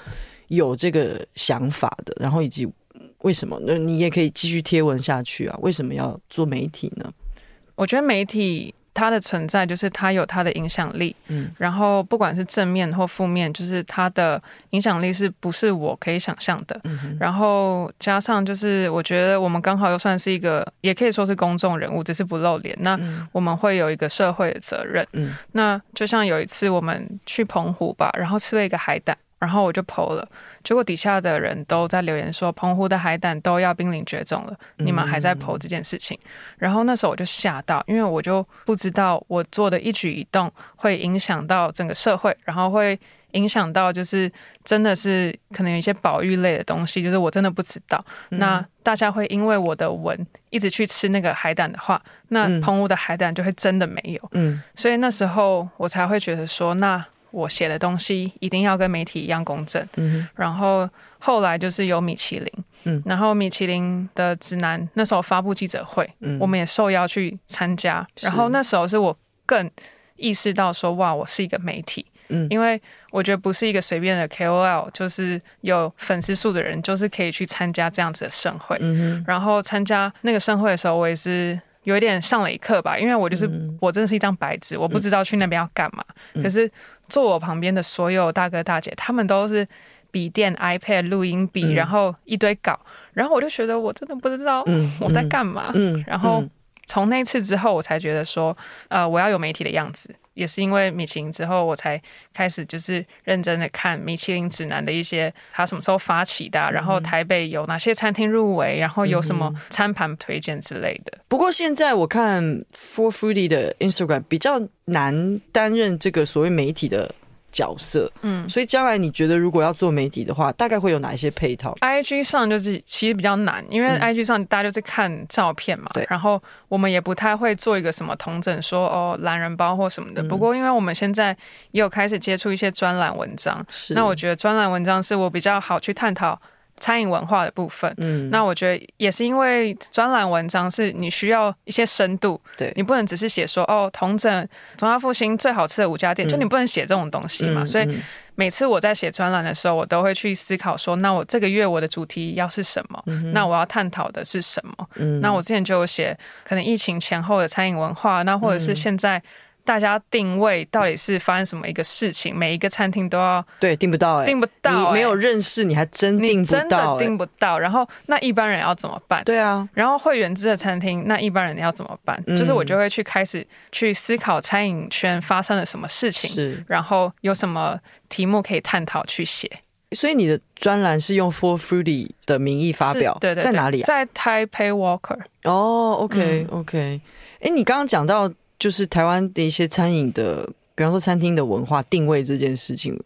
有這個想法的？然後以及。為什麼？那你也可以繼續貼文下去啊？為什麼要做媒體呢？我覺得媒體它的存在就是它有它的影響力，嗯，然後不管是正面或負面，就是它的影響力是不是我可以想象的，嗯哼。然後加上就是，我覺得我們剛好又算是一個，也可以說是公眾人物，只是不露臉。那我們會有一個社會的責任，嗯。那就像有一次我們去澎湖吧，然後吃了一個海膽。然後我就 po 了，結果底下的人都在留言說，澎湖的海膽都要瀕臨絕種了，你們還在 po 這件事情。嗯嗯。然後那時候我就嚇到，因為我就不知道我做的一舉一動會影響到整個社會，然後會影響到就是真的是可能有一些保育類的東西，就是我真的不知道，嗯、那大家會因為我的文一直去吃那個海膽的話，那澎湖的海膽就會真的沒有嗯。嗯，所以那時候我才會覺得說那。我寫的東西一定要跟媒體一樣公正。嗯、然後後來就是有米其林，嗯、然後米其林的指南那時候發布記者會，嗯，我們也受邀去參加。然後那時候是我更意識到說，哇，我是一個媒體，嗯、因為我覺得不是一個隨便的 KOL，就是有粉絲數的人，就是可以去參加這樣子的盛會，嗯。然後參加那個盛會的時候，我也是。有點上了一課吧，因為我就是、嗯、我，真的是一張白紙，我不知道去那邊要幹嘛、嗯。可是坐我旁邊的所有大哥大姐，他們都是筆電、iPad、錄音筆，然後一堆稿，然後我就覺得我真的不知道我在幹嘛、嗯嗯。然後從那次之後，我才覺得說，呃，我要有媒體的樣子。也是因為米其林之後，我才開始就是認真的看米其林指南的一些，它什麼時候發起的，然後台北有哪些餐廳入圍，然後有什麼餐盤推薦之類的。不過現在我看 4foodie 的 Instagram 比較難擔任這個所謂媒體的角色，嗯，所以將來你覺得如果要做媒體的話，嗯、大概會有哪一些配套？IG 上就是其實比較難，因為 IG 上大家就是看照片嘛，對、嗯。然後我們也不太會做一個什麼統整說哦懶人包或什麼的、嗯。不過因為我們現在也有開始接觸一些專欄文章，是。那我覺得專欄文章是我比較好去探討。餐飲文化的部分、嗯，那我覺得也是因為專欄文章是你需要一些深度，對，你不能只是寫說哦，同整中央復興最好吃的五家店，嗯，就你不能寫這種東西嘛、嗯嗯。所以每次我在寫專欄的時候，我都會去思考說，那我這個月我的主題要是什麼？嗯、那我要探討的是什麼、嗯？那我之前就有寫可能疫情前後的餐飲文化，那或者是現在。大家定位到底是發生什麼一個事情？每一個餐廳都要對定不到，定不到、欸定不到欸，你沒有認識，你還真定、欸、你真的定不到。欸、然後那一般人要怎麼辦？對啊。然後會員制的餐廳，那一般人要怎麼辦、嗯？就是我就會去開始去思考餐飲圈發生了什麼事情，是然後有什麼題目可以探討去寫。所以你的專欄是用 4foodie 的名義發表，對對，對對，在哪裡？啊？在 Taipei Walker。哦、oh，OK OK，哎、嗯欸，你剛剛講到。就是台灣的一些餐飲的，比方說餐廳的文化定位這件事情，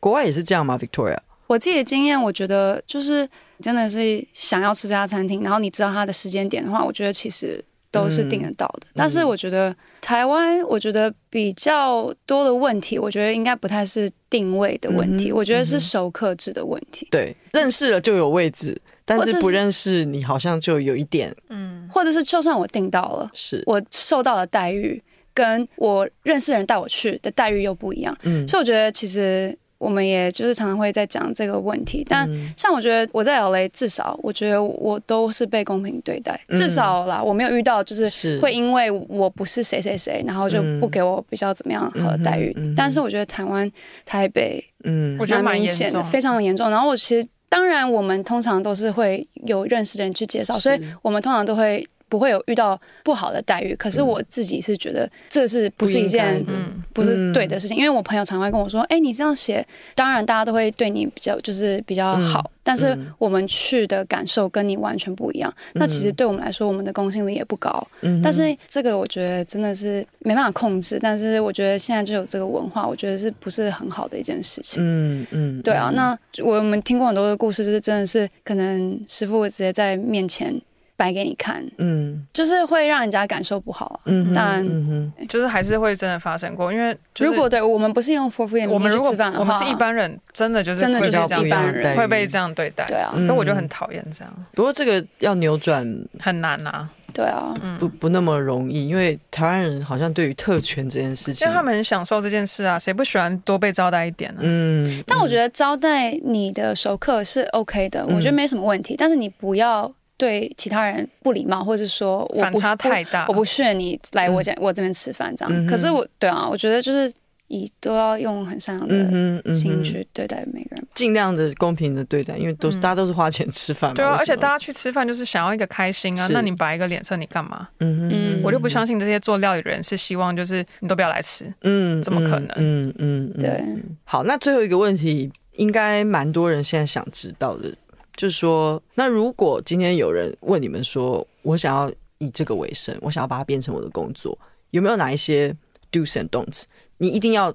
國外也是這樣嗎？Victoria，我自己的經驗，我覺得就是真的是想要吃這家餐廳，然後你知道它的時間點的話，我覺得其實都是定得到的。嗯、但是我覺得台灣，我覺得比較多的問題，我覺得應該不太是定位的問題、嗯，我覺得是熟客制的問題。嗯、對，認識了就有位置。但是不認識你，好像就有一點，嗯，或者是就算我訂到了，是我受到的待遇，跟我認識的人帶我去的待遇又不一樣，嗯，所以我覺得其實我們也就是常常會在講這個問題，但像我覺得我在 LA 至少我覺得我都是被公平對待，嗯、至少啦我沒有遇到就是會因為我不是誰誰誰，然後就不給我比較怎麼樣好的待遇、嗯嗯嗯，但是我覺得台灣台北，嗯，我覺得蠻嚴重的，非常嚴重的，然後我其實。當然，我們通常都是會有認識的人去介紹，所以我們通常都會。不會有遇到不好的待遇，可是我自己是覺得這是不是一件不是對的事情，因為我朋友常常會跟我說，哎、欸，你這樣寫，當然大家都會對你比較就是比較好，但是我們去的感受跟你完全不一樣。那其實對我們來說，我們的公信力也不高。嗯，但是這個我覺得真的是沒辦法控制，但是我覺得現在就有這個文化，我覺得是不是很好的一件事情？嗯嗯，對啊，那我們聽過很多的故事，就是真的是可能師傅直接在面前。擺給你看，嗯，就是會讓人家感受不好，啊，嗯哼，但嗯哼就是還是會真的發生過，因為，就是，如果對我們不是用 4foodie，我們如果我們是一般人，真的就是真的就是這樣，不一樣，會被這樣對待，對，嗯，啊，所以我就很討厭這樣。不過這個要扭轉很難啊，對啊，嗯，不不那麼容易，因為台灣人好像對於特權這件事情，因為他們很享受這件事啊，誰不喜歡多被招待一點呢，啊嗯？嗯，但我覺得招待你的熟客是 OK 的，嗯，我覺得沒什麼問題，但是你不要。對其他人不禮貌，或者是說我不反差太大，我不勸你來我家我這邊吃飯，這樣、嗯。可是我對啊，我覺得就是以都要用很善良的心去對待每個人，盡量的公平的對待，因為都是、嗯、大家都是花錢吃飯嘛，對啊。而且大家去吃飯就是想要一個開心啊，那你擺一個臉色你幹嘛？嗯哼、嗯，我就不相信這些做料理的人是希望就是你都不要來吃，嗯，怎麼可能？嗯嗯、嗯，對。好，那最後一個問題，應該蠻多人現在想知道的。就是說，那如果今天有人問你們說，我想要以這個為生，我想要把它變成我的工作，有沒有哪一些 do's and don'ts？你一定要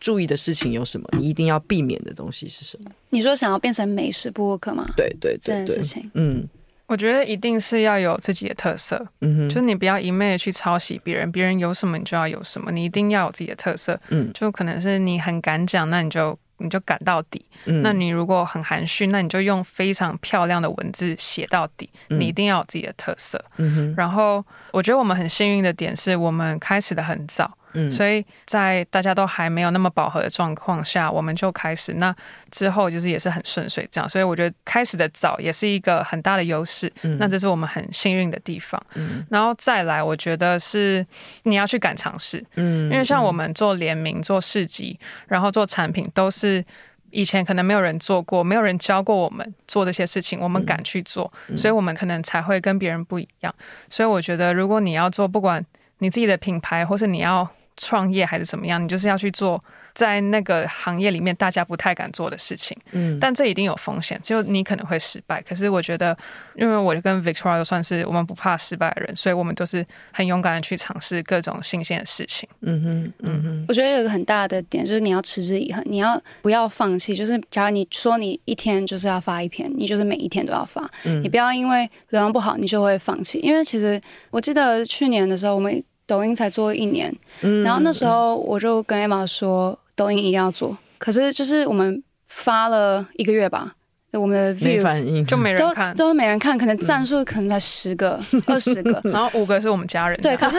注意的事情有什麼？你一定要避免的東西是什麼？你說想要變成美食部落客嗎？對對，對，對這件事情。嗯，我覺得一定是要有自己的特色。嗯哼，就是你不要一昧的去抄襲別人，別人有什麼你就要有什麼，你一定要有自己的特色。嗯，就可能是你很敢講，那你就。你就趕到底，嗯。那你如果很含蓄，那你就用非常漂亮的文字寫到底。嗯，你一定要有自己的特色。嗯哼。然後，我覺得我們很幸運的點是，我們開始的很早。嗯、所以在大家都還沒有那麼飽和的狀況下，我們就開始。那之後就是也是很順遂這樣，所以我覺得開始的早也是一個很大的優勢、嗯。那這是我們很幸運的地方、嗯。然後再來，我覺得是你要去敢嘗試、嗯。因為像我們做聯名、嗯、做市集，然後做產品，都是以前可能沒有人做過，沒有人教過我們做這些事情，我們敢去做，嗯、所以我們可能才會跟別人不一樣。所以我覺得，如果你要做，不管你自己的品牌，或是你要創業還是怎麼樣，你就是要去做在那個行業裡面大家不太敢做的事情，嗯，但這一定有風險，就你可能會失敗。可是我覺得，因為我就跟 Victoria 都算是我們不怕失敗的人，所以我們都是很勇敢的去嘗試各種新鮮的事情。嗯哼，嗯哼。我覺得有一個很大的點就是你要持之以恆，你要不要放棄？就是假如你說你一天就是要發一篇，你就是每一天都要發，嗯、你不要因為流量不好你就會放棄。因為其實我記得去年的時候我們。抖音才做一年，嗯，然後那時候我就跟 Emma 說，嗯，抖音一定要做。可是就是我們發了一個月吧，我們的 view 沒反應，就沒人看， 都是沒人看，可能讚數可能才十個，二，嗯就是，十個， 然後五個是我們家人。對，可是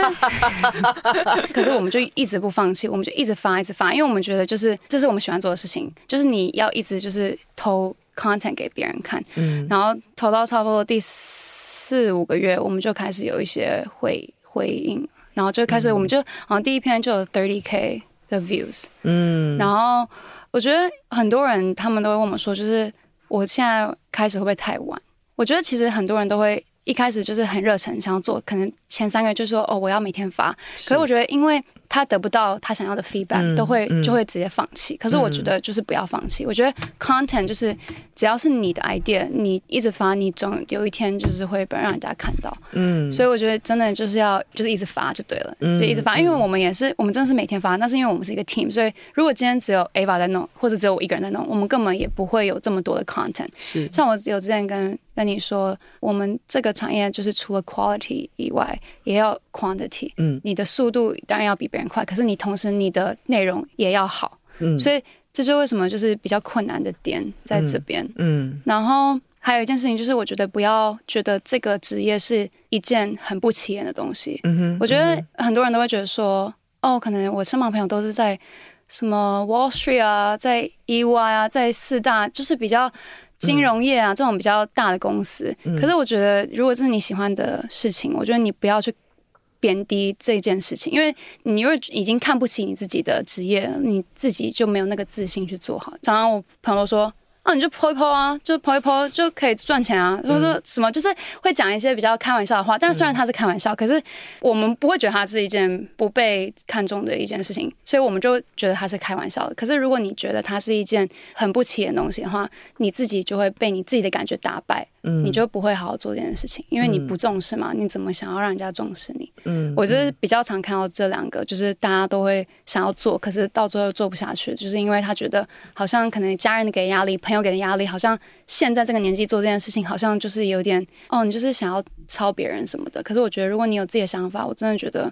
可是我們就一直不放棄，我們就一直發，一直發，因為我們覺得就是這是我們喜歡做的事情，就是你要一直就是投 content 給別人看，嗯，然後投到差不多第四五個月，我們就開始有一些回回應。然後就開始，我們就好像第一篇就有 30K 的 views。嗯，然後我覺得很多人他們都會問我們說，就是我現在開始會不會太晚？我覺得其實很多人都會一開始就是很熱忱想要做，可能前三個月就說哦，我要每天發。可是我覺得因為。他得不到他想要的 feedback，都會就會直接放棄，嗯嗯。可是我覺得就是不要放棄。嗯、我覺得 content 就是只要是你的 idea，你一直發，你總有一天就是會讓人家看到。嗯，所以我覺得真的就是要就是一直發就對了，就一直發。嗯、因為我們也是我們真的是每天發，但是因為我們是一個 team，所以如果今天只有 Ava 在弄，或者只有我一個人在弄，我們根本也不會有這麼多的 content。是，像我有之前跟。那你說，我們這個產業就是除了 quality 以外，也要 quantity。嗯，你的速度當然要比別人快，可是你同時你的內容也要好。嗯，所以這就是為什麼就是比較困難的點在這邊。嗯，嗯，然後還有一件事情就是，我覺得不要覺得這個職業是一件很不起眼的東西。嗯，我覺得很多人都會覺得說，嗯、哦，可能我身旁朋友都是在什麼 Wall Street 啊，在 EY 啊，在四大，就是比較。金融業啊，這種比較大的公司，嗯、可是我覺得，如果這是你喜歡的事情，嗯、我覺得你不要去貶低這件事情，因為你又已經看不起你自己的職業，你自己就沒有那個自信去做好。常常我朋友說。哦，你就 Po 一 Po 啊，就 Po 一 Po 就可以賺錢啊。或、就、者、是、什麼、嗯，就是會講一些比較開玩笑的話。但是雖然他是開玩笑，嗯，可是我們不會覺得它是一件不被看重的一件事情，所以我們就覺得他是開玩笑的。可是如果你覺得它是一件很不起眼的東西的話，你自己就會被你自己的感覺打敗。嗯，你就不會好好做這件事情，因為你不重視嘛，嗯、你怎麼想要讓人家重視你？嗯，我就是比較常看到這兩個，就是大家都會想要做，可是到最後做不下去，就是因為他覺得好像可能家人給壓力，朋友給的壓力，好像現在這個年紀做這件事情，好像就是有點哦，你就是想要抄別人什麼的。可是我覺得，如果你有自己的想法，我真的覺得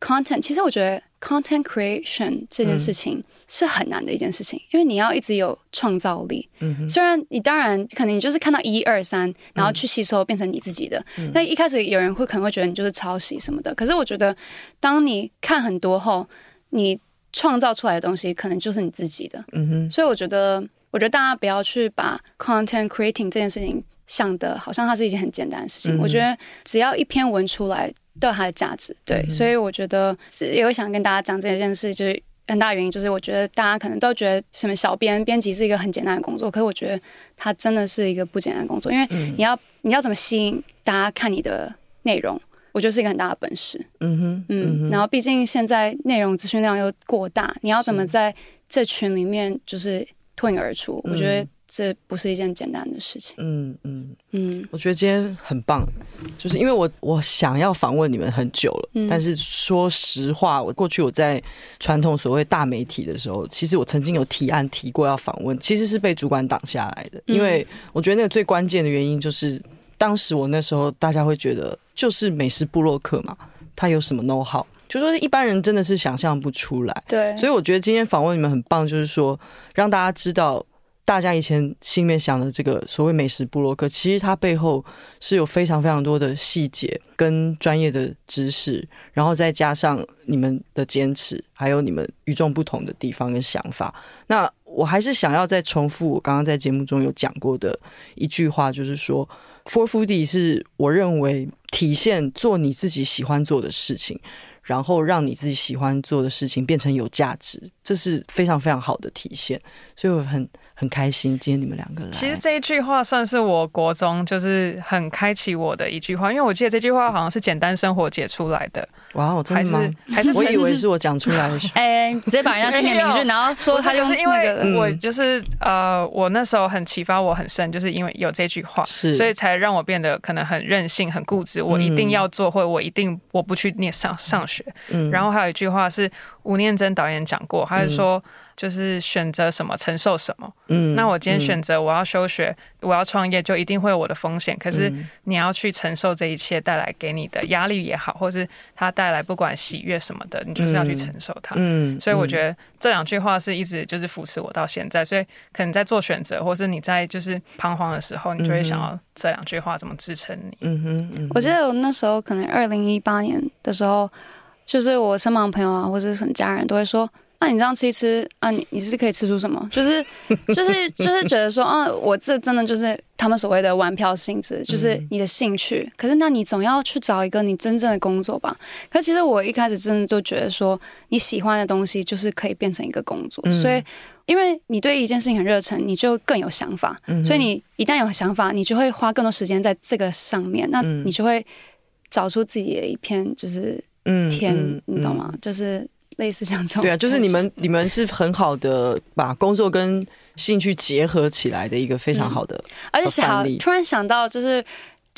content，其實我覺得。Content creation 這件事情是很難的一件事情，嗯、因為你要一直有創造力。嗯，雖然你當然可能你就是看到一二三，然後去吸收變成你自己的、嗯，但一開始有人會可能會覺得你就是抄襲什麼的。可是我覺得，當你看很多後，你創造出來的東西可能就是你自己的。嗯哼，所以我覺得，我覺得大家不要去把 content creating 這件事情想的好像它是一件很簡單的事情。嗯、我覺得只要一篇文出來。都有它的價值，對、嗯，所以我覺得也會想跟大家講這件事，就是很大原因就是，我覺得大家可能都覺得什麼小編編輯是一個很簡單的工作，可是我覺得它真的是一個不簡單的工作，因為你要、嗯、你要怎麼吸引大家看你的內容，我覺得是一個很大的本事，嗯嗯，嗯，然後畢竟現在內容資訊量又過大，你要怎麼在這群裡面就是脫穎而出、嗯，我覺得。這不是一件簡單的事情。嗯嗯嗯，我覺得今天很棒，嗯、就是因為我我想要訪問你們很久了。嗯。但是說實話，我過去我在傳統所謂大媒體的時候，其實我曾經有提案提過要訪問，其實是被主管擋下來的。因為我覺得那個最關鍵的原因就是，嗯、當時我那時候大家會覺得，就是美食部落客嘛，他有什麼 know-how，就說一般人真的是想象不出來。對，所以我覺得今天訪問你們很棒，就是說讓大家知道。大家以前心裡面想的這個所謂美食部落客，其實它背後是有非常非常多的細節跟專業的知識，然後再加上你們的堅持，還有你們與眾不同的地方跟想法。那我還是想要再重複我剛剛在節目中有講過的一句話，就是說，4 foodie 是我認為體現做你自己喜歡做的事情，然後讓你自己喜歡做的事情變成有價值，這是非常非常好的體現。所以我很。很開心，今天你們兩個人。其實這一句話算是我國中，就是很開啟我的一句話，因為我記得這句話好像是《簡單生活》解出來的。哇、哦，真的嗎？還是我以為是我講出來的。哎、欸欸，直接把人家經典名句，然後說他就、那個、是，是因為，我就是、嗯、呃，我那時候很啟發我很深，就是因為有這句話，是所以才讓我變得可能很任性、很固執、嗯，我一定要做會，我一定我不去念上上學。嗯。然後還有一句話是吳念真導演講過，他是說。嗯就是選擇什麼，承受什麼。嗯，那我今天選擇我要休學，嗯、我要創業，就一定會有我的風險。可是你要去承受這一切帶來給你的壓力也好，或是它帶來不管喜悅什麼的，你就是要去承受它。嗯，所以我覺得這兩句話是一直就是扶持我到現在。所以可能在做選擇，或是你在就是彷徨的時候，你就會想要這兩句話怎麼支撐你。嗯哼，嗯哼，我記得我那時候可能二零一八年的時候，就是我身旁朋友啊，或是什麼家人都會說。那、啊、你這樣吃一吃啊，你你是可以吃出什麼？就是就是就是覺得說，啊，我這真的就是他們所謂的玩票性質，就是你的興趣。嗯、可是，那你總要去找一個你真正的工作吧。可是其實我一開始真的就覺得說，你喜歡的東西就是可以變成一個工作。嗯、所以，因為你對一件事情很熱忱，你就更有想法、嗯。所以你一旦有想法，你就會花更多時間在這個上面。那你就會找出自己的一片就是天嗯天，你懂嗎？嗯嗯、就是。類似像這樣，對啊，就是你們，你們是很好的把工作跟興趣結合起來的一個非常好的， 嗯、而且想突然想到，就是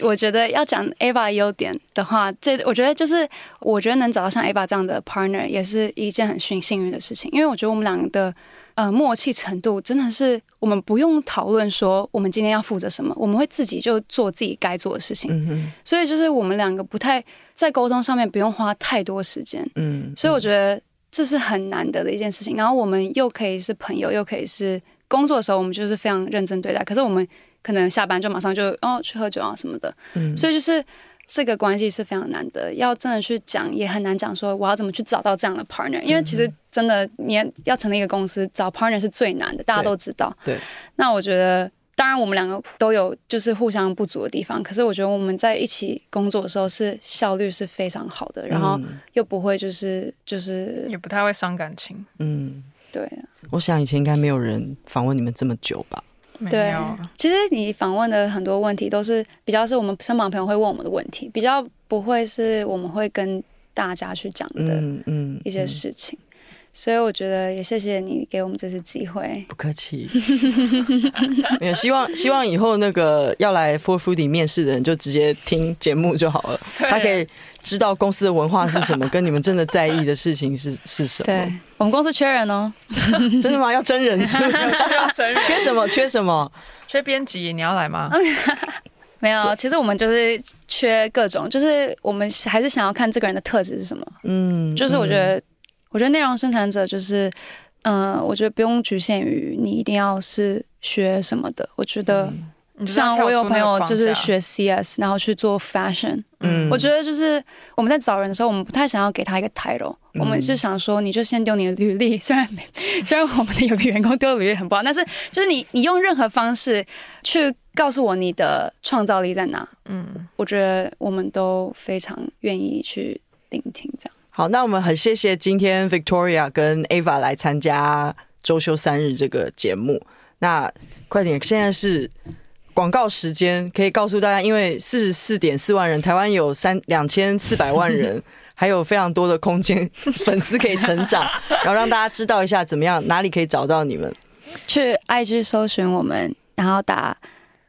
我覺得要講 Ava 優點的話，這我覺得就是我覺得能找到像 Ava 這樣的 partner 也是一件很幸幸運的事情，因為我覺得我們兩個的。呃，默契程度真的是我們不用討論說我們今天要負責什麼，我們會自己就做自己該做的事情。所以就是我們兩個不太在溝通上面不用花太多時間。嗯，所以我覺得這是很難得的一件事情。然後我們又可以是朋友，又可以是工作的時候，我們就是非常認真對待。可是我們可能下班就馬上就哦去喝酒啊什麼的。嗯，所以就是。這個關係是非常難的，要真的去講也很難講。說我要怎麼去找到這樣的 partner，嗯、因為其實真的你要成立一個公司，找 partner 是最難的，大家都知道。對。對。那我覺得，當然我們兩個都有就是互相不足的地方，可是我覺得我們在一起工作的時候是效率是非常好的，然後又不會就是、嗯、就是也不太會傷感情。嗯，對。我想以前應該沒有人訪問你們這麼久吧？對，其實你訪問的很多問題都是比較是我們身旁朋友會問我們的問題，比較不會是我們會跟大家去講的嗯一些事情。嗯嗯嗯所以我覺得也謝謝你給我們這次機會。不客氣。 也希望希望以後那個要來 4foodie 面試的人，就直接聽節目就好了。他可以知道公司的文化是什麼，跟你們真的在意的事情是是什麼。對，我們公司缺人哦。 真的嗎？要真人是是要缺什麼？缺什麼？缺編輯？你要來嗎？Okay. 沒有。其實我們就是缺各種，就是我們還是想要看這個人的特質是什麼。嗯，就是我覺得。我覺得內容生產者就是，嗯，呃，我覺得不用局限於你一定要是學什麼的。我覺得像我有朋友就是學 CS，然後去做 Fashion。嗯，我覺得就是我們在找人的時候，我們不太想要給他一個 title，嗯，我們就想說你就先丟你的履歷。雖然雖然我們的有些員工丟履歷很不好，但是就是你你用任何方式去告訴我你的創造力在哪，嗯，我覺得我們都非常願意去聆聽這樣。好，那我們很謝謝今天 Victoria 跟 Ava 來參加周休三日這個節目。那快點，現在是廣告時間，可以告訴大家，因為四十四點四萬人，台灣有三兩千四百萬人， 還有非常多的空間，粉絲可以成長， 然後讓大家知道一下怎麼樣，哪裡可以找到你們。去 IG 搜尋我們，然後打。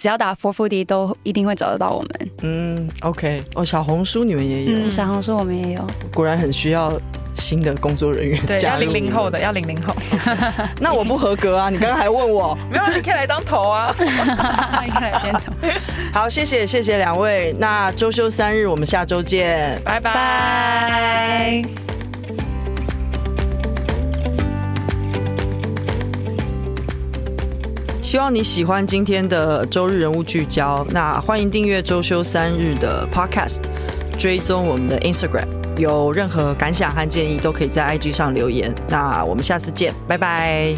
只要打4 foodie 都一定會找得到我們。嗯，OK，哦，小紅書你們也有？嗯，小紅書我們也有。果然很需要新的工作人員加入。對，要零零後的，要零零後。 那我不合格啊！你剛剛還問我， 沒有，你可以來當頭啊。歡迎年頭。好，謝謝謝謝兩位。那周休三日，我們下周見。拜拜。Bye 希望你喜歡今天的周日人物聚焦。那歡迎訂閱周休三日的 Podcast，追蹤我們的 Instagram。有任何感想和建議，都可以在 IG 上留言。那我們下次見，拜拜。